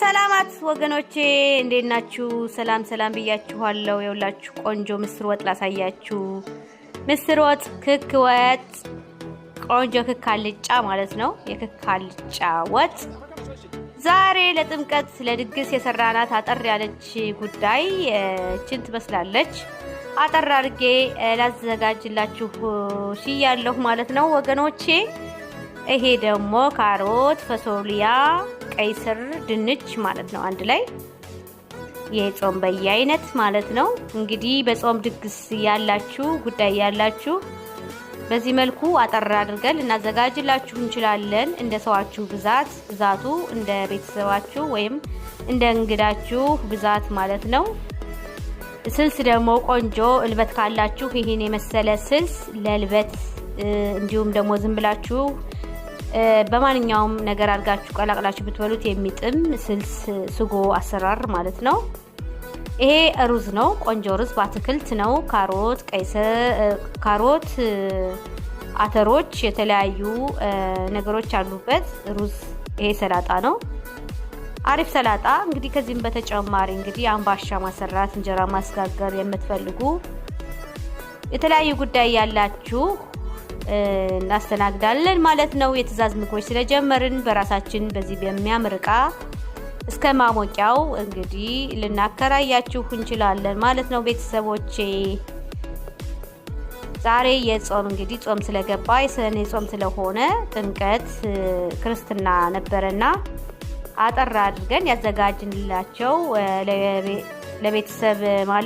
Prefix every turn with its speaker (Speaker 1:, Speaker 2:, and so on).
Speaker 1: ሰላማት ወገኖቼ እንዴት ናችሁ? ሰላም ሰላም ብያችኋለሁ። የሁላችሁ ቆንጆ ምስር ወጥ ላሳያችሁ። ምስር ወጥ፣ ክክ ወጥ፣ ቆንጆ ክክ አልጫ ማለት ነው። የክክ አልጫ ወጥ ዛሬ ለጥምቀት ለድግስ የሰራናት አጠር ያለች ጉዳይ ችን ትመስላለች። አጠር አድርጌ ላዘጋጅላችሁ ሽያለሁ ማለት ነው ወገኖቼ። ይሄ ደግሞ ካሮት፣ ፈሶሊያ ቀይ ስር ድንች ማለት ነው። አንድ ላይ የጾም በየአይነት ማለት ነው። እንግዲህ በጾም ድግስ ያላችሁ ጉዳይ ያላችሁ በዚህ መልኩ አጠር አድርገን ልናዘጋጅላችሁ እንችላለን። እንደ ሰዋችሁ ብዛት ብዛቱ እንደ ቤተሰባችሁ ወይም እንደ እንግዳችሁ ብዛት ማለት ነው። ስልስ ደግሞ ቆንጆ እልበት ካላችሁ ይህን የመሰለ ስልስ ለልበት እንዲሁም ደግሞ ዝም ብላችሁ በማንኛውም ነገር አድርጋችሁ ቀላቅላችሁ ብትበሉት የሚጥም ስልስ ስጎ አሰራር ማለት ነው። ይሄ ሩዝ ነው፣ ቆንጆ ሩዝ በአትክልት ነው። ካሮት፣ ካሮት፣ አተሮች፣ የተለያዩ ነገሮች አሉበት። ሩዝ ይሄ ሰላጣ ነው፣ አሪፍ ሰላጣ። እንግዲህ ከዚህም በተጨማሪ እንግዲህ አምባሻ ማሰራት፣ እንጀራ ማስጋገር የምትፈልጉ የተለያዩ ጉዳይ ያላችሁ እናስተናግዳለን ማለት ነው። የትእዛዝ ምግቦች ስለጀመርን በራሳችን በዚህ በሚያምር እቃ እስከ ማሞቂያው እንግዲህ ልናከራያችሁ እንችላለን ማለት ነው ቤተሰቦቼ። ዛሬ የጾም እንግዲህ ጾም ስለገባ የሰኔ ጾም ስለሆነ ጥምቀት፣ ክርስትና ነበረና አጠር አድርገን ያዘጋጅንላቸው ለቤተሰብ ማለት